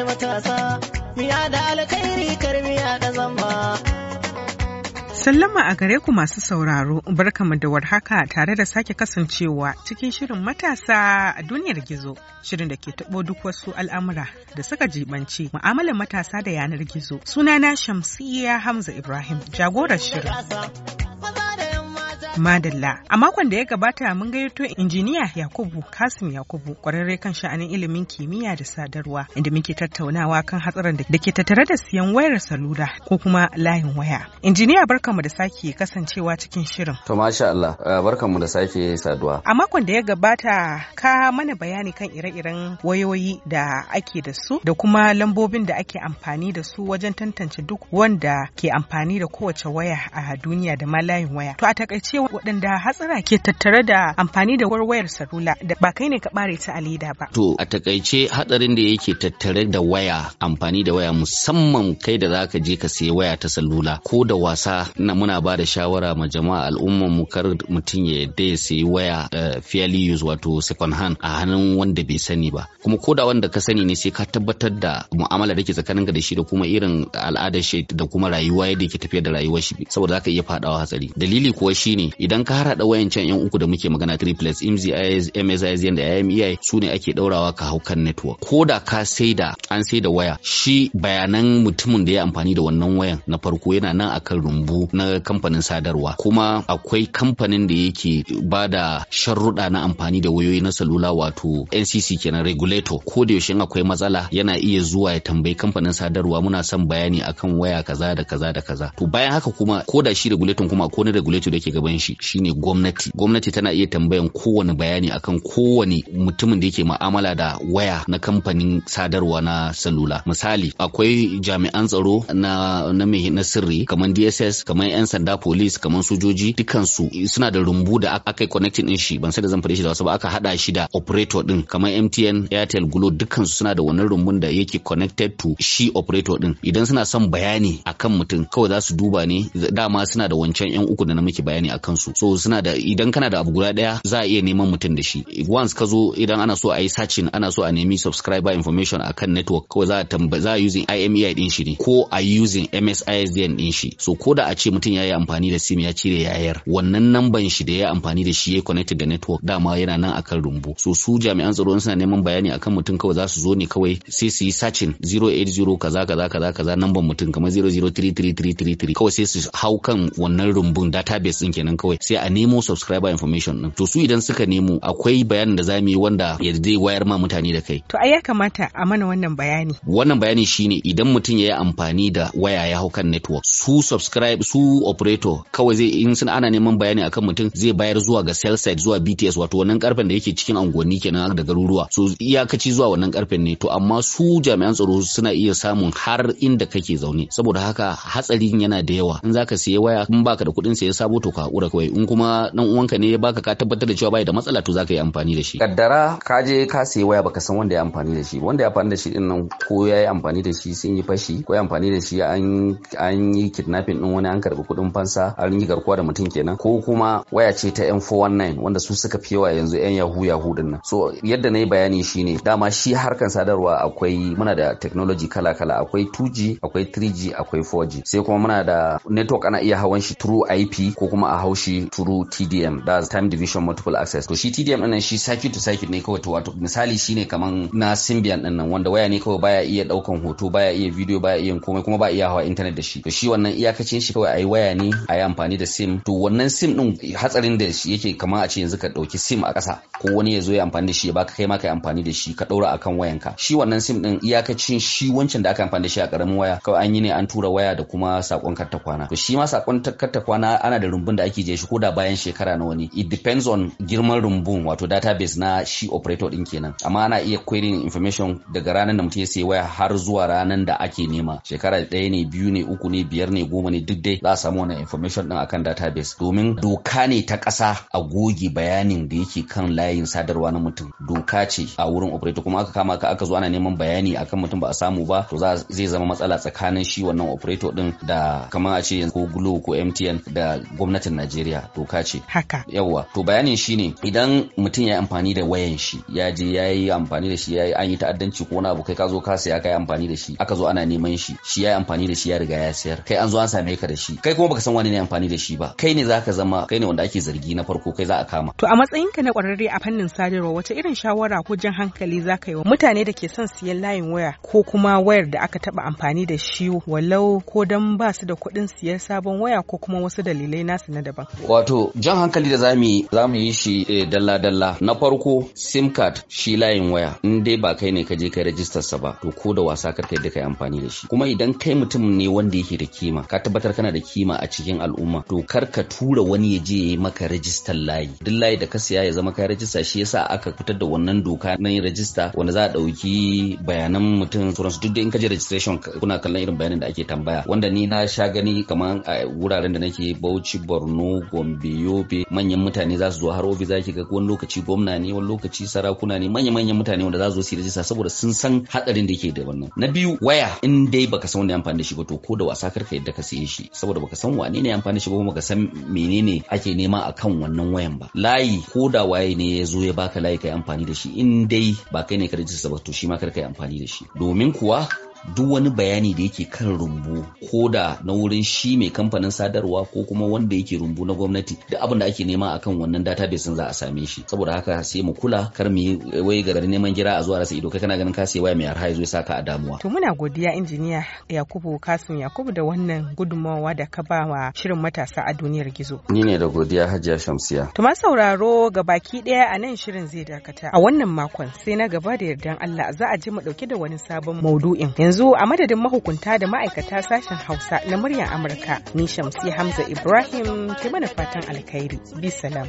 ne matasa, miya da alkhairi da zamba. Sallama a gare ku masu sauraro, barkamu da warhaka tare da sake kasancewa cikin shirin matasa a duniyar gizo, shirin da ke taɓo duk wasu al'amura da suka jibanci mu'amalar matasa da yanar gizo. Sunana Shamsiyya Hamza Ibrahim, jagorar shirin. Madalla. A makon da ya gabata mun gayyato injiniya Yakubu Kasim Yakubu kwararre kan sha'anin ilimin kimiyya da sadarwa inda muke tattaunawa kan hatsarin da ke tattare da siyan wayar salula ko kuma layin waya. Injiniya barkanmu da sake kasancewa cikin shirin. To masha Allah, uh, barkanmu da sake saduwa. A makon da ya gabata ka mana bayani kan ire-iren wayoyi da ake da su da kuma lambobin da ake amfani da su wajen tantance duk wanda ke amfani da kowace waya a duniya da ma layin waya. To a takaice waɗanda hatsara ke tattare da amfani da wayar salula da ba kai ne ka bare ta a leda ba. To a takaice hatsarin da yake tattare da waya amfani da waya musamman kai da zaka je ka sayi waya ta salula ko da wasa na muna ba da shawara ma jama'a al'umman mu kar mutum ya yadda ya sayi waya eh, fairly used wato second hand a hannun wanda bai sani ba kuma ko da wanda ka sani ne sai ka tabbatar da mu'amala da ke tsakaninka da shi da kuma irin al'adar shi da kuma rayuwa yadda ke tafiyar da rayuwar shi saboda zaka iya fadawa hatsari dalili kuwa shine idan ka harada wayan can yan uku da muke magana triplets MZIS MSIS da IMEI su ne ake daurawa ka hau kan network ko da ka da an sai da waya shi bayanan mutumin da ya amfani da wannan wayan na farko yana nan akan rumbu na kamfanin sadarwa kuma akwai kamfanin da yake ba da sharruɗa na amfani da wayoyi na salula wato NCC kenan regulator ko da yaushe akwai matsala yana iya zuwa ya tambayi kamfanin sadarwa muna son bayani akan waya kaza da kaza da kaza to bayan haka kuma ko da shi regulator kuma ko na regulator da ke gaban shi shine gwamnati gwamnati tana iya tambayan kowane bayani akan kowane mutumin da yake ma'amala da waya na kamfanin sadarwa na salula misali akwai jami'an tsaro na na mai na sirri kamar DSS kamar yan sanda police kamar sojoji dukansu suna da rumbu da aka connecting din shi ban sai da zan fara shi da wasu ba aka hada shi da operator din kamar MTN Airtel Glo dukansu suna da wannan rumbun da yake connected to shi operator din idan suna son bayani akan mutum kawai za su duba ne dama suna da wancan yan uku da na muke bayani akan kansu so suna da idan kana da abu guda daya za a iya neman mutum da shi once ka zo idan ana so a yi searching ana so a nemi subscriber information akan network kawai za a tamba za a using IMEI din e shi ne ko a using MSISDN din shi so ko da a ce mutum ya yi amfani da sim ya cire yayar wannan namban shi da ya amfani da shi ya connected da network dama yana nan akan rumbu so su jami'an tsaro suna neman bayani akan mutum kawai za su zo ne kawai sai su yi searching 080 kaza kaza kaza kaza namban mutum kamar 003333 kawai sai su hau kan wannan rumbun database din kenan kawai sai a nemo subscriber information din to su idan suka nemo akwai bayanin da zamu yi wanda ya zai wayar ma mutane da kai to ai ya kamata a mana wannan bayani wannan bayani shine idan mutum ya yi amfani da waya ya hau kan network su subscribe su operator kawai zai in sun ana neman bayani akan mutum zai bayar zuwa ga cell site zuwa BTS wato wannan karfen da yake cikin unguwanni kenan da garuruwa so iyakaci zuwa wannan karfen ne to amma su jami'an tsaro suna iya samun har inda kake zaune saboda haka hatsarin yana da yawa in zaka siya waya in baka da kuɗin siya sabo to ka hakura kawai in kuma dan uwanka ne ya baka ka tabbatar da cewa bai da matsala to zaka yi amfani da shi kaddara ka je ka sayi waya baka san wanda ya amfani da shi wanda ya amfani da shi din nan ko ya yi amfani da shi sun yi fashi ko ya amfani da shi an an yi kidnapping din wani an karbi kuɗin fansa an yi garkuwa da mutum kenan ko kuma waya ce ta M419 wanda su suka fi yawa yanzu yan yahu yahu din nan so yadda na yi bayani shine dama shi harkan sadarwa akwai muna da technology kala kala akwai 2G akwai 3G akwai 4G sai kuma muna da network ana iya hawan shi through IP ko kuma a hau shi through TDM that's time division multiple access to shi TDM din shi circuit to circuit ne kawai to wato misali shine kaman na Symbian din nan wanda waya ne kawai baya iya daukan hoto baya iya video baya iya komai kuma ba iya hawa internet da shi to shi wannan iyakacin shi kawai ayi waya ne ayi amfani da SIM to wannan SIM din hatsarin da shi yake kaman a ce yanzu ka dauki SIM a ƙasa ko wani ya zo ya amfani da shi ya baka kai ma kai amfani da shi ka daura akan wayanka shi wannan SIM din iyakacin shi wancan da aka amfani da shi a karamin waya kawai an yi ne an tura waya da kuma sakon karta kwana to shi ma sakon karta kwana ana da rumbun da ake ajiye shi koda bayan shekara na wani. it depends on girman rumbun wato database na shi operator din kenan amma ana iya querying information daga ranar da mutum ya sayi waya har zuwa ranar da ake nema shekara ɗaya ne biyu ne uku ne biyar ne goma ne duk dai za a samu wannan information din akan database domin doka ne ta ƙasa a goge bayanin da yake kan layin sadarwa na mutum doka ce a wurin operator kuma aka kama ka aka zo ana neman bayani akan mutum ba a samu ba to za zai zama matsala tsakanin shi wannan operator din da kamar a ce ko glo ko mtn da gwamnatin najeriya Najeriya doka ce. Haka. Yawwa to bayanin shi ne, idan mutum ya yi amfani da wayan shi ya je ya yi amfani da shi ya yi an yi ta'addanci ko wani abu kai ka zo ka saya ka yi amfani da shi aka zo ana neman shi shi ya yi amfani da shi ya riga ya sayar kai an zo an same ka da shi kai kuma baka san wani ne amfani da shi ba kai ne zaka zama kai ne wanda ake zargi na farko kai za a kama. To a matsayinka na kwararre a fannin sadarwa wace irin shawara ko jan hankali za ka yi wa mutane da ke son siyan layin waya ko kuma wayar da aka taba amfani da shi walau ko don ba su da kuɗin siyan sabon waya ko kuma wasu dalilai nasu na daban. Wato jan hankali da zamu zamu yi shi eh, dalla dalla na farko sim card shi layin waya in dai ba kai ne ka je kai rajistar sa ba to ko da wasa kar kai da kai amfani da shi kuma idan kai mutum ne wanda yake da kima ka tabbatar kana da kima a cikin al'umma to kar ka tura wani ya je yayi maka rajistar layi duk layi da ka siya ya zama kai rajista shi yasa aka fitar da wannan doka na yin rajista wanda za a dauki bayanan mutum sauransu duk da in ka je registration kuna kallon irin bayanan da ake tambaya wanda ni na sha gani kamar a wuraren da nake Bauchi Borno Kano, Gombe, Yobe manyan mutane za su zo har Obi zaki ki ga wani lokaci gwamna ne wani lokaci sarakuna ne manya manyan mutane wanda za su zo su rajista saboda sun san hatsarin da yake da wannan. Na biyu waya in dai baka san wanda amfani da shi ba to ko da wasa kar karka yadda ka siye shi saboda baka san wane ne amfani da shi ba kuma ka san menene ake nema akan wannan wayan ba. Layi ko da waye ne ya zo ya baka layi kai amfani da shi in dai ba kai ne ka rajista ba to shi ma ka yi amfani da shi. Domin kuwa duk wani bayani da yake kan rumbu ko da na wurin shi mai kamfanin sadarwa ko kuma wanda yake rumbu na gwamnati da abin da ake nema akan wannan database za a same shi saboda haka sai mu kula kar mu wai garin neman gira a zuwa rasa ido kai kana ganin ka sai waya mai arha yazo ya saka a damuwa to muna godiya injiniya Yakubu Kasim Yakubu da wannan gudummawa da ka ba wa shirin matasa a duniyar gizo ni ne da godiya Hajiya Shamsiya to ma sauraro baki daya a nan shirin zai dakata a wannan makon sai na gaba da yardan Allah za a ji mu dauke da wani sabon maudu'in Yanzu a madadin mahukunta da ma'aikata sashen Hausa na muryar Amurka, ni Shamsi Hamza Ibrahim ke mana fatan alkhairi. Bisalam.